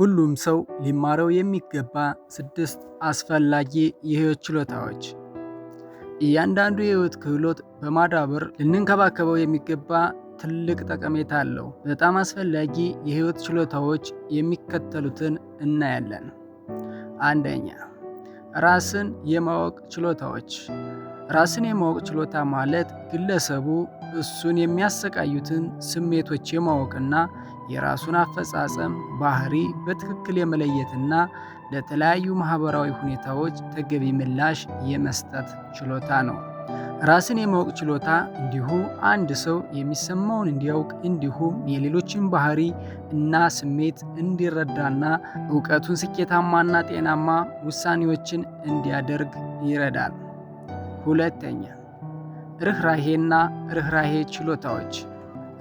ሁሉም ሰው ሊማረው የሚገባ ስድስት አስፈላጊ የህይወት ችሎታዎች። እያንዳንዱ የህይወት ክህሎት በማዳበር ልንንከባከበው የሚገባ ትልቅ ጠቀሜታ አለው። በጣም አስፈላጊ የህይወት ችሎታዎች የሚከተሉትን እናያለን። አንደኛ፣ ራስን የማወቅ ችሎታዎች። ራስን የማወቅ ችሎታ ማለት ግለሰቡ እሱን የሚያሰቃዩትን ስሜቶች የማወቅና የራሱን አፈጻጸም ባህሪ በትክክል የመለየትና ለተለያዩ ማህበራዊ ሁኔታዎች ተገቢ ምላሽ የመስጠት ችሎታ ነው። ራስን የማወቅ ችሎታ እንዲሁ አንድ ሰው የሚሰማውን እንዲያውቅ እንዲሁም የሌሎችን ባህሪ እና ስሜት እንዲረዳና እውቀቱን ስኬታማና ጤናማ ውሳኔዎችን እንዲያደርግ ይረዳል። ሁለተኛ ርኅራሄና ርኅራሄ ችሎታዎች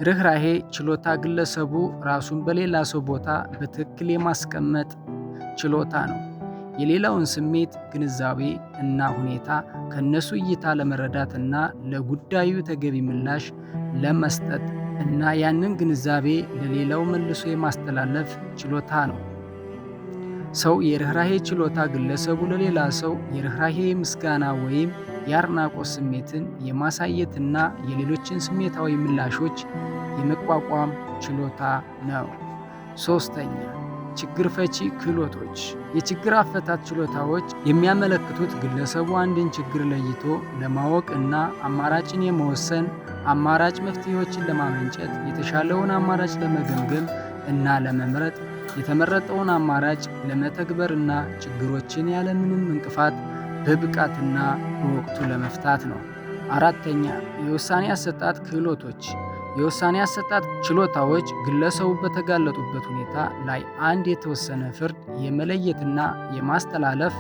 ርኅራሄ ችሎታ ግለሰቡ ራሱን በሌላ ሰው ቦታ በትክክል የማስቀመጥ ችሎታ ነው። የሌላውን ስሜት፣ ግንዛቤ እና ሁኔታ ከእነሱ እይታ ለመረዳትና ለጉዳዩ ተገቢ ምላሽ ለመስጠት እና ያንን ግንዛቤ ለሌላው መልሶ የማስተላለፍ ችሎታ ነው። ሰው የርኅራሄ ችሎታ ግለሰቡ ለሌላ ሰው የርኅራሄ ምስጋና ወይም የአድናቆት ስሜትን የማሳየትና የሌሎችን ስሜታዊ ምላሾች የመቋቋም ችሎታ ነው። ሶስተኛ ችግር ፈቺ ክህሎቶች። የችግር አፈታት ችሎታዎች የሚያመለክቱት ግለሰቡ አንድን ችግር ለይቶ ለማወቅ እና አማራጭን የመወሰን አማራጭ መፍትሄዎችን ለማመንጨት የተሻለውን አማራጭ ለመገምገም እና ለመምረጥ የተመረጠውን አማራጭ ለመተግበር እና ችግሮችን ያለምንም እንቅፋት በብቃትና በወቅቱ ለመፍታት ነው። አራተኛ የውሳኔ አሰጣጥ ክህሎቶች የውሳኔ አሰጣጥ ችሎታዎች ግለሰቡ በተጋለጡበት ሁኔታ ላይ አንድ የተወሰነ ፍርድ የመለየትና የማስተላለፍ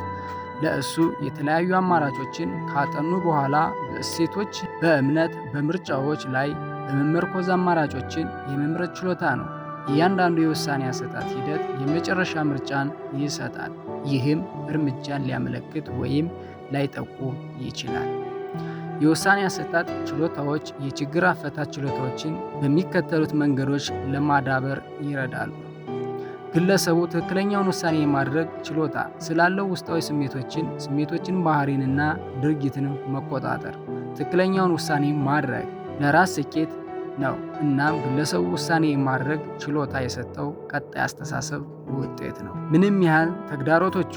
ለእሱ የተለያዩ አማራጮችን ካጠኑ በኋላ በእሴቶች፣ በእምነት፣ በምርጫዎች ላይ በመመርኮዝ አማራጮችን የመምረጥ ችሎታ ነው። እያንዳንዱ የውሳኔ አሰጣጥ ሂደት የመጨረሻ ምርጫን ይሰጣል። ይህም እርምጃን ሊያመለክት ወይም ላይጠቁም ይችላል። የውሳኔ አሰጣጥ ችሎታዎች የችግር አፈታት ችሎታዎችን በሚከተሉት መንገዶች ለማዳበር ይረዳሉ። ግለሰቡ ትክክለኛውን ውሳኔ የማድረግ ችሎታ ስላለው ውስጣዊ ስሜቶችን ስሜቶችን ባህሪንና ድርጊትን መቆጣጠር፣ ትክክለኛውን ውሳኔ ማድረግ ለራስ ስኬት ነው። እናም ግለሰቡ ውሳኔ የማድረግ ችሎታ የሰጠው ቀጣይ አስተሳሰብ ውጤት ነው። ምንም ያህል ተግዳሮቶቹ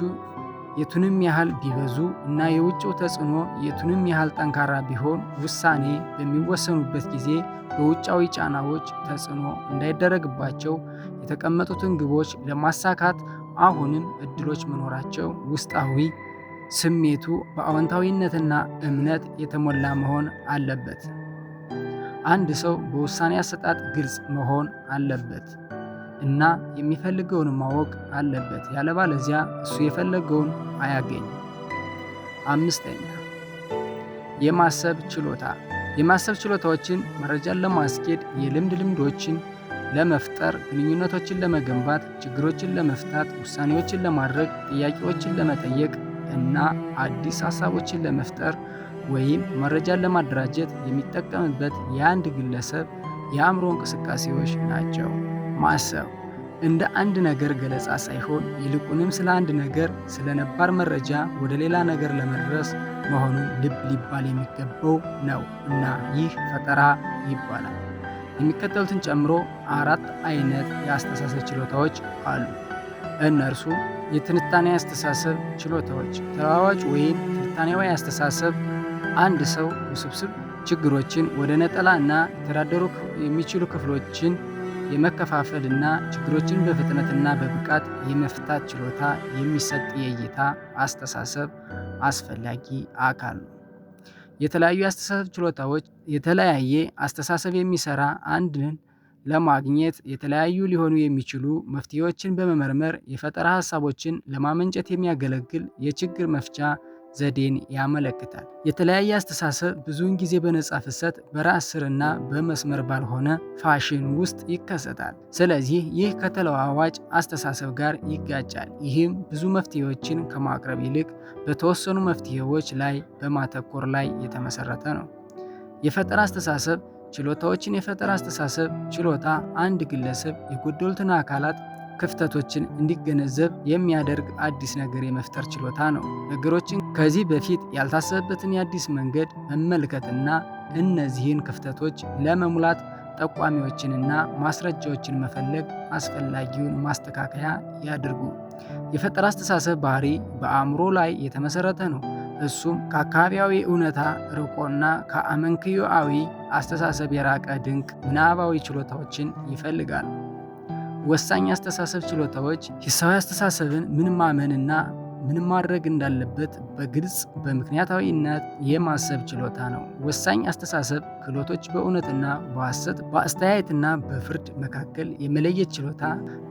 የቱንም ያህል ቢበዙ እና የውጭው ተጽዕኖ የቱንም ያህል ጠንካራ ቢሆን ውሳኔ በሚወሰኑበት ጊዜ በውጫዊ ጫናዎች ተጽዕኖ እንዳይደረግባቸው የተቀመጡትን ግቦች ለማሳካት አሁንም እድሎች መኖራቸው ውስጣዊ ስሜቱ በአዎንታዊነትና እምነት የተሞላ መሆን አለበት። አንድ ሰው በውሳኔ አሰጣጥ ግልጽ መሆን አለበት እና የሚፈልገውን ማወቅ አለበት። ያለባለዚያ እሱ የፈለገውን አያገኝም። አምስተኛ የማሰብ ችሎታ የማሰብ ችሎታዎችን መረጃን ለማስኬድ የልምድ ልምዶችን ለመፍጠር ግንኙነቶችን ለመገንባት ችግሮችን ለመፍታት ውሳኔዎችን ለማድረግ ጥያቄዎችን ለመጠየቅ እና አዲስ ሀሳቦችን ለመፍጠር ወይም መረጃን ለማደራጀት የሚጠቀምበት የአንድ ግለሰብ የአእምሮ እንቅስቃሴዎች ናቸው። ማሰብ እንደ አንድ ነገር ገለጻ ሳይሆን ይልቁንም ስለ አንድ ነገር፣ ስለ ነባር መረጃ ወደ ሌላ ነገር ለመድረስ መሆኑን ልብ ሊባል የሚገባው ነው እና ይህ ፈጠራ ይባላል። የሚከተሉትን ጨምሮ አራት አይነት የአስተሳሰብ ችሎታዎች አሉ። እነርሱ የትንታኔ አስተሳሰብ ችሎታዎች። ተለዋዋጭ ወይም ትንታኔያዊ አስተሳሰብ አንድ ሰው ውስብስብ ችግሮችን ወደ ነጠላ እና የተዳደሩ የሚችሉ ክፍሎችን የመከፋፈል እና ችግሮችን በፍጥነትና በብቃት የመፍታት ችሎታ የሚሰጥ የእይታ አስተሳሰብ አስፈላጊ አካል ነው። የተለያዩ አስተሳሰብ ችሎታዎች የተለያየ አስተሳሰብ የሚሰራ አንድን ለማግኘት የተለያዩ ሊሆኑ የሚችሉ መፍትሄዎችን በመመርመር የፈጠራ ሀሳቦችን ለማመንጨት የሚያገለግል የችግር መፍቻ ዘዴን ያመለክታል። የተለያየ አስተሳሰብ ብዙውን ጊዜ በነፃ ፍሰት በራስ ስርና በመስመር ባልሆነ ፋሽን ውስጥ ይከሰታል። ስለዚህ ይህ ከተለዋዋጭ አስተሳሰብ ጋር ይጋጫል። ይህም ብዙ መፍትሄዎችን ከማቅረብ ይልቅ በተወሰኑ መፍትሄዎች ላይ በማተኮር ላይ የተመሰረተ ነው። የፈጠራ አስተሳሰብ ችሎታዎችን የፈጠራ አስተሳሰብ ችሎታ አንድ ግለሰብ የጎደሉትን አካላት ክፍተቶችን እንዲገነዘብ የሚያደርግ አዲስ ነገር የመፍጠር ችሎታ ነው። ነገሮችን ከዚህ በፊት ያልታሰበበትን የአዲስ መንገድ መመልከትና እነዚህን ክፍተቶች ለመሙላት ጠቋሚዎችንና ማስረጃዎችን መፈለግ አስፈላጊውን ማስተካከያ ያድርጉ። የፈጠራ አስተሳሰብ ባህሪ በአእምሮ ላይ የተመሰረተ ነው። እሱም ከአካባቢያዊ እውነታ ርቆና ከአመንክዮአዊ አስተሳሰብ የራቀ ድንቅ ምናባዊ ችሎታዎችን ይፈልጋል። ወሳኝ አስተሳሰብ ችሎታዎች ሂሳዊ አስተሳሰብን ምን ማመንና ምን ማድረግ እንዳለበት በግልጽ በምክንያታዊነት የማሰብ ችሎታ ነው። ወሳኝ አስተሳሰብ ክህሎቶች በእውነትና በሐሰት በአስተያየትና በፍርድ መካከል የመለየት ችሎታ፣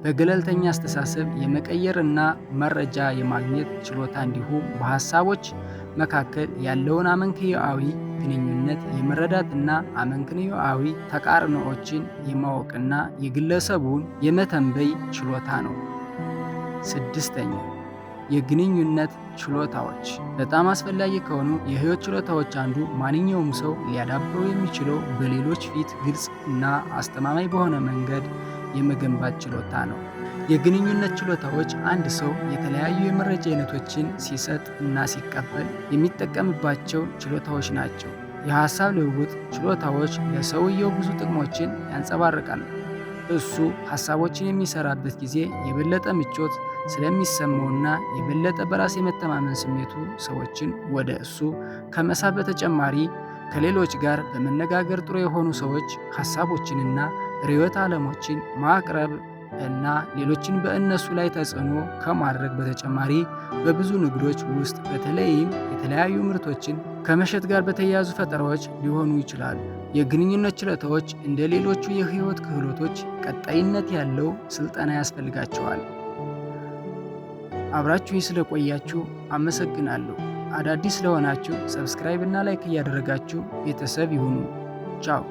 በገለልተኛ አስተሳሰብ የመቀየርና መረጃ የማግኘት ችሎታ እንዲሁም በሐሳቦች መካከል ያለውን አመንክዮአዊ ግንኙነት የመረዳትና አመንክንዮአዊ ተቃርኖዎችን የማወቅና የግለሰቡን የመተንበይ ችሎታ ነው። ስድስተኛ የግንኙነት ችሎታዎች በጣም አስፈላጊ ከሆኑ የህይወት ችሎታዎች አንዱ ማንኛውም ሰው ሊያዳብረው የሚችለው በሌሎች ፊት ግልጽ እና አስተማማኝ በሆነ መንገድ የመገንባት ችሎታ ነው። የግንኙነት ችሎታዎች አንድ ሰው የተለያዩ የመረጃ አይነቶችን ሲሰጥ እና ሲቀበል የሚጠቀምባቸው ችሎታዎች ናቸው። የሀሳብ ልውውጥ ችሎታዎች ለሰውየው ብዙ ጥቅሞችን ያንጸባርቃል። እሱ ሀሳቦችን የሚሰራበት ጊዜ የበለጠ ምቾት ስለሚሰማውና የበለጠ በራስ የመተማመን ስሜቱ ሰዎችን ወደ እሱ ከመሳብ በተጨማሪ ከሌሎች ጋር በመነጋገር ጥሩ የሆኑ ሰዎች ሀሳቦችንና ርዕዮተ ዓለሞችን ማቅረብ እና ሌሎችን በእነሱ ላይ ተጽዕኖ ከማድረግ በተጨማሪ በብዙ ንግዶች ውስጥ በተለይም የተለያዩ ምርቶችን ከመሸጥ ጋር በተያያዙ ፈጠራዎች ሊሆኑ ይችላሉ። የግንኙነት ችሎታዎች እንደ ሌሎቹ የህይወት ክህሎቶች ቀጣይነት ያለው ስልጠና ያስፈልጋቸዋል። አብራችሁኝ ስለቆያችሁ አመሰግናለሁ። አዳዲስ ለሆናችሁ ሰብስክራይብ እና ላይክ እያደረጋችሁ ቤተሰብ ይሁኑ። ቻው